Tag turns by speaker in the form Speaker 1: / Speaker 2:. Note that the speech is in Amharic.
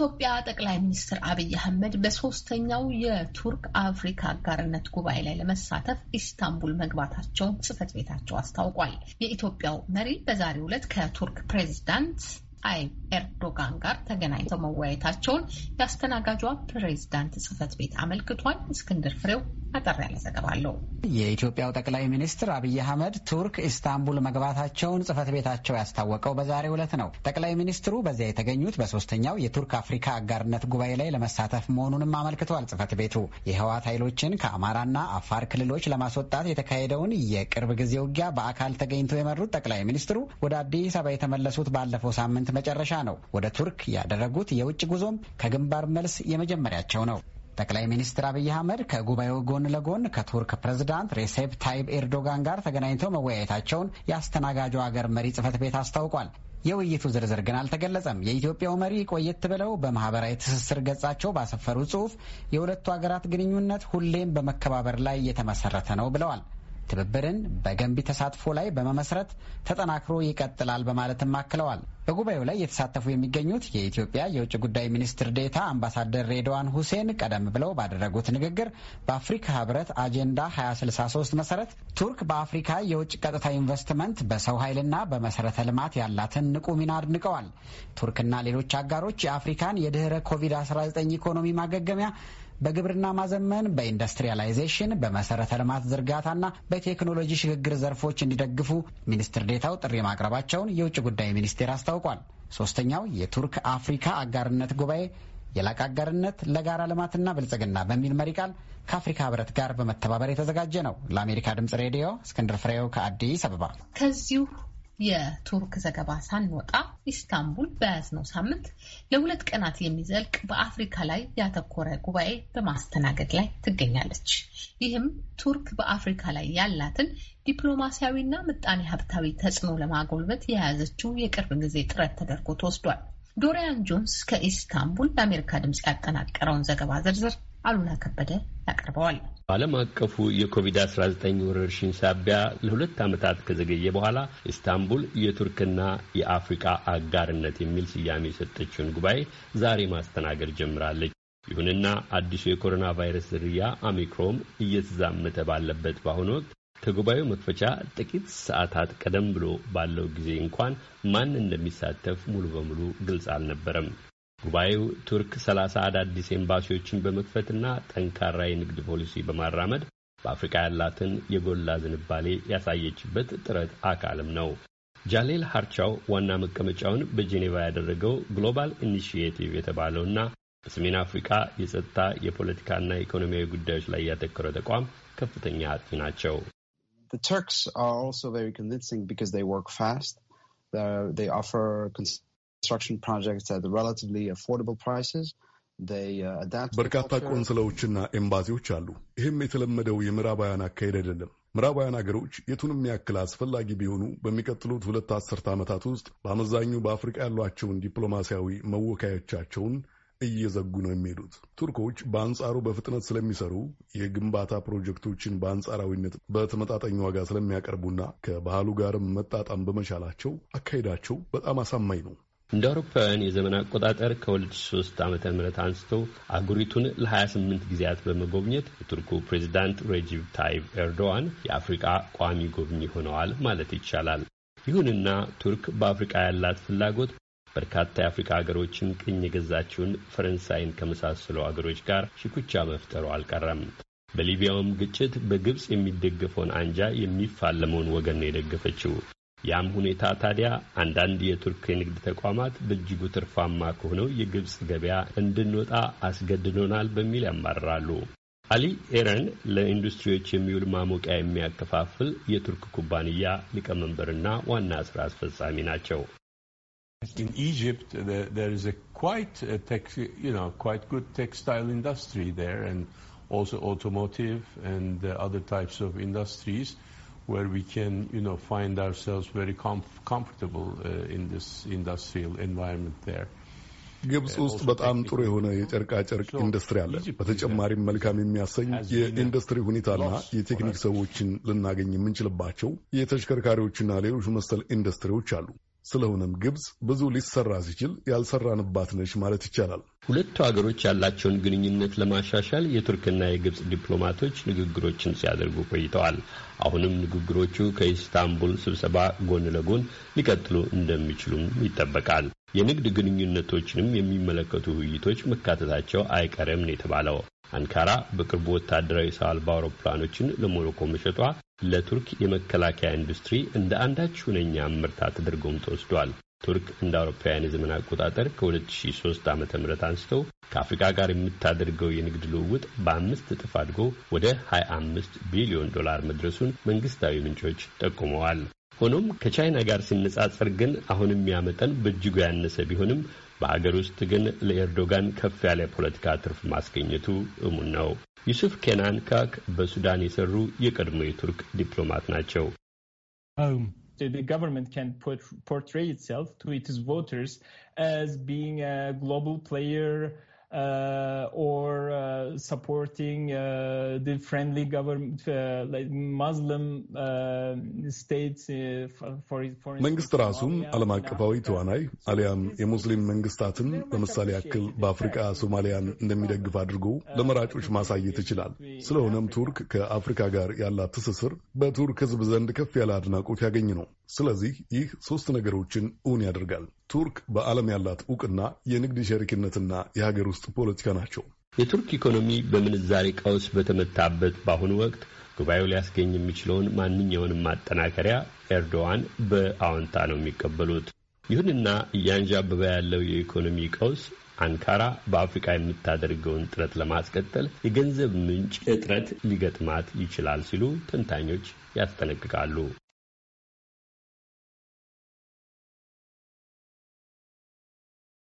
Speaker 1: የኢትዮጵያ ጠቅላይ ሚኒስትር አብይ አህመድ በሶስተኛው የቱርክ አፍሪካ አጋርነት ጉባኤ ላይ ለመሳተፍ ኢስታንቡል መግባታቸውን ጽህፈት ቤታቸው አስታውቋል። የኢትዮጵያው መሪ በዛሬው ዕለት ከቱርክ ፕሬዚዳንት ጣይብ ኤርዶጋን ጋር ተገናኝተው መወያየታቸውን የአስተናጋጇ ፕሬዚዳንት ጽህፈት ቤት አመልክቷል። እስክንድር ፍሬው አጠር ያለ ዘገባ አለው።
Speaker 2: የኢትዮጵያው ጠቅላይ ሚኒስትር አብይ አህመድ ቱርክ ኢስታንቡል መግባታቸውን ጽህፈት ቤታቸው ያስታወቀው በዛሬው ዕለት ነው። ጠቅላይ ሚኒስትሩ በዚያ የተገኙት በሶስተኛው የቱርክ አፍሪካ አጋርነት ጉባኤ ላይ ለመሳተፍ መሆኑንም አመልክቷል። ጽህፈት ቤቱ የህወሓት ኃይሎችን ከአማራና አፋር ክልሎች ለማስወጣት የተካሄደውን የቅርብ ጊዜ ውጊያ በአካል ተገኝተው የመሩት ጠቅላይ ሚኒስትሩ ወደ አዲስ አበባ የተመለሱት ባለፈው ሳምንት መጨረሻ ነው። ወደ ቱርክ ያደረጉት የውጭ ጉዞም ከግንባር መልስ የመጀመሪያቸው ነው። ጠቅላይ ሚኒስትር አብይ አህመድ ከጉባኤው ጎን ለጎን ከቱርክ ፕሬዝዳንት ሬሴፕ ታይብ ኤርዶጋን ጋር ተገናኝተው መወያየታቸውን የአስተናጋጁ አገር መሪ ጽህፈት ቤት አስታውቋል። የውይይቱ ዝርዝር ግን አልተገለጸም። የኢትዮጵያው መሪ ቆየት ብለው በማህበራዊ ትስስር ገጻቸው ባሰፈሩ ጽሁፍ የሁለቱ አገራት ግንኙነት ሁሌም በመከባበር ላይ የተመሰረተ ነው ብለዋል። ትብብርን በገንቢ ተሳትፎ ላይ በመመስረት ተጠናክሮ ይቀጥላል በማለትም አክለዋል። በጉባኤው ላይ የተሳተፉ የሚገኙት የኢትዮጵያ የውጭ ጉዳይ ሚኒስትር ዴታ አምባሳደር ሬድዋን ሁሴን ቀደም ብለው ባደረጉት ንግግር በአፍሪካ ህብረት አጀንዳ 2063 መሰረት ቱርክ በአፍሪካ የውጭ ቀጥታ ኢንቨስትመንት በሰው ኃይልና በመሰረተ ልማት ያላትን ንቁ ሚና አድንቀዋል። ቱርክና ሌሎች አጋሮች የአፍሪካን የድህረ ኮቪድ-19 ኢኮኖሚ ማገገሚያ በግብርና ማዘመን፣ በኢንዱስትሪያላይዜሽን፣ በመሰረተ ልማት ዝርጋታና በቴክኖሎጂ ሽግግር ዘርፎች እንዲደግፉ ሚኒስትር ዴታው ጥሪ ማቅረባቸውን የውጭ ጉዳይ ሚኒስቴር አስታውቋል። ሶስተኛው የቱርክ አፍሪካ አጋርነት ጉባኤ የላቀ አጋርነት ለጋራ ልማትና ብልጽግና በሚል መሪ ቃል ከአፍሪካ ህብረት ጋር በመተባበር የተዘጋጀ ነው። ለአሜሪካ ድምጽ ሬዲዮ እስክንድር ፍሬው ከአዲስ አበባ።
Speaker 1: ከዚሁ የቱርክ ዘገባ ሳንወጣ ኢስታንቡል በያዝነው ሳምንት ለሁለት ቀናት የሚዘልቅ በአፍሪካ ላይ ያተኮረ ጉባኤ በማስተናገድ ላይ ትገኛለች። ይህም ቱርክ በአፍሪካ ላይ ያላትን ዲፕሎማሲያዊና ምጣኔ ሀብታዊ ተጽዕኖ ለማጎልበት የያዘችው የቅርብ ጊዜ ጥረት ተደርጎ ተወስዷል። ዶሪያን ጆንስ ከኢስታንቡል ለአሜሪካ ድምፅ ያጠናቀረውን ዘገባ ዝርዝር አሉላ ከበደ ያቀርበዋል።
Speaker 3: በዓለም አቀፉ የኮቪድ-19 ወረርሽኝ ሳቢያ ለሁለት ዓመታት ከዘገየ በኋላ ኢስታንቡል የቱርክና የአፍሪቃ አጋርነት የሚል ስያሜ የሰጠችውን ጉባኤ ዛሬ ማስተናገድ ጀምራለች። ይሁንና አዲሱ የኮሮና ቫይረስ ዝርያ ኦሚክሮን እየተዛመተ ባለበት በአሁኑ ወቅት ከጉባኤው መክፈቻ ጥቂት ሰዓታት ቀደም ብሎ ባለው ጊዜ እንኳን ማን እንደሚሳተፍ ሙሉ በሙሉ ግልጽ አልነበረም። ጉባኤው ቱርክ ሰላሳ አዳዲስ ኤምባሲዎችን በመክፈትና ጠንካራ የንግድ ፖሊሲ በማራመድ በአፍሪካ ያላትን የጎላ ዝንባሌ ያሳየችበት ጥረት አካልም ነው። ጃሌል ሀርቻው ዋና መቀመጫውን በጄኔቫ ያደረገው ግሎባል የተባለው የተባለውና በሰሜን አፍሪካ የጸጥታ የፖለቲካና የኢኮኖሚያዊ ጉዳዮች ላይ ያተኮረ ተቋም ከፍተኛ አጥፊ ናቸው።
Speaker 2: ቱርክስ አር ኦልሶ ቬሪ ወርክ ፋስት ኦፈር Uh, በርካታ
Speaker 4: ቆንስላዎችና ኤምባሲዎች አሉ። ይህም የተለመደው የምዕራባውያን አካሄድ አይደለም። ምዕራባውያን አገሮች የቱንም ያክል አስፈላጊ ቢሆኑ በሚቀጥሉት ሁለት አስርተ ዓመታት ውስጥ በአመዛኙ በአፍሪቃ ያሏቸውን ዲፕሎማሲያዊ መወካያቻቸውን እየዘጉ ነው የሚሄዱት። ቱርኮች በአንጻሩ በፍጥነት ስለሚሰሩ የግንባታ ፕሮጀክቶችን በአንጻራዊነት በተመጣጣኝ ዋጋ ስለሚያቀርቡና ከባህሉ ጋርም መጣጣም በመቻላቸው አካሄዳቸው በጣም አሳማኝ ነው።
Speaker 3: እንደ አውሮፓውያን የዘመን አቆጣጠር ከ2003 ዓ ም አንስቶ አጉሪቱን ለ28 ጊዜያት በመጎብኘት የቱርኩ ፕሬዚዳንት ሬጂብ ታይብ ኤርዶዋን የአፍሪቃ ቋሚ ጎብኚ ሆነዋል ማለት ይቻላል። ይሁንና ቱርክ በአፍሪቃ ያላት ፍላጎት በርካታ የአፍሪካ ሀገሮችን ቅኝ የገዛችውን ፈረንሳይን ከመሳሰሉ አገሮች ጋር ሽኩቻ መፍጠሩ አልቀረም። በሊቢያውም ግጭት በግብፅ የሚደገፈውን አንጃ የሚፋለመውን ወገን ነው የደገፈችው። ያም ሁኔታ ታዲያ አንዳንድ የቱርክ የንግድ ተቋማት በእጅጉ ትርፋማ ከሆነው የግብፅ ገበያ እንድንወጣ አስገድዶናል በሚል ያማርራሉ። አሊ ኤረን ለኢንዱስትሪዎች የሚውል ማሞቂያ የሚያከፋፍል የቱርክ ኩባንያ ሊቀመንበርና ዋና ስራ አስፈጻሚ ናቸው። ኢንዱስትሪ where we can, you know, find ourselves very com comfortable uh, in this industrial environment there. ግብጽ uh, ውስጥ በጣም
Speaker 4: ጥሩ የሆነ የጨርቃጨርቅ ኢንዱስትሪ አለ። በተጨማሪም መልካም የሚያሰኝ የኢንዱስትሪ ሁኔታና የቴክኒክ ሰዎችን ልናገኝ የምንችልባቸው የተሽከርካሪዎችና ሌሎች መሰል ኢንዱስትሪዎች አሉ። ስለሆነም ግብፅ ብዙ ሊሰራ ሲችል ያልሰራንባት ነች
Speaker 3: ማለት ይቻላል። ሁለቱ ሀገሮች ያላቸውን ግንኙነት ለማሻሻል የቱርክና የግብፅ ዲፕሎማቶች ንግግሮችን ሲያደርጉ ቆይተዋል። አሁንም ንግግሮቹ ከኢስታንቡል ስብሰባ ጎን ለጎን ሊቀጥሉ እንደሚችሉም ይጠበቃል። የንግድ ግንኙነቶችንም የሚመለከቱ ውይይቶች መካተታቸው አይቀርም ነው የተባለው። አንካራ በቅርቡ ወታደራዊ ሰው አልባ አውሮፕላኖችን ለሞሮኮ መሸጧ ለቱርክ የመከላከያ ኢንዱስትሪ እንደ አንዳች ሁነኛ ምርታ ተደርጎም ተወስዷል። ቱርክ እንደ አውሮፓውያን የዘመን አቆጣጠር ከ2003 ዓ ም አንስተው ከአፍሪካ ጋር የምታደርገው የንግድ ልውውጥ በአምስት እጥፍ አድጎ ወደ 25 ቢሊዮን ዶላር መድረሱን መንግስታዊ ምንጮች ጠቁመዋል። ሆኖም ከቻይና ጋር ሲነጻጸር ግን አሁንም ያመጠን በእጅጉ ያነሰ ቢሆንም በሀገር ውስጥ ግን ለኤርዶጋን ከፍ ያለ የፖለቲካ ትርፍ ማስገኘቱ እሙን ነው። ዩሱፍ ኬናን ካክ በሱዳን የሰሩ የቀድሞ የቱርክ ዲፕሎማት ናቸው። um, Uh, or uh, supporting uh, the friendly government like Muslim states for
Speaker 4: መንግስት ራሱም ዓለም አቀፋዊ ተዋናይ አሊያም የሙስሊም መንግስታትን ለምሳሌ ያክል በአፍሪካ ሶማሊያን እንደሚደግፍ አድርጎ ለመራጮች ማሳየት ይችላል። ስለሆነም ቱርክ ከአፍሪካ ጋር ያላት ትስስር በቱርክ ህዝብ ዘንድ ከፍ ያለ አድናቆት ያገኝ ነው። ስለዚህ ይህ ሶስት ነገሮችን እውን ያደርጋል። ቱርክ በዓለም ያላት እውቅና የንግድ ሸሪክነትና የሀገር ውስጥ ውስጥ ፖለቲካ ናቸው።
Speaker 3: የቱርክ ኢኮኖሚ በምንዛሬ ቀውስ በተመታበት በአሁኑ ወቅት ጉባኤው ሊያስገኝ የሚችለውን ማንኛውንም ማጠናከሪያ ኤርዶዋን በአዎንታ ነው የሚቀበሉት። ይሁንና እያንዣበበ ያለው የኢኮኖሚ ቀውስ አንካራ በአፍሪካ የምታደርገውን ጥረት ለማስቀጠል የገንዘብ ምንጭ እጥረት
Speaker 2: ሊገጥማት ይችላል ሲሉ ተንታኞች ያስጠነቅቃሉ።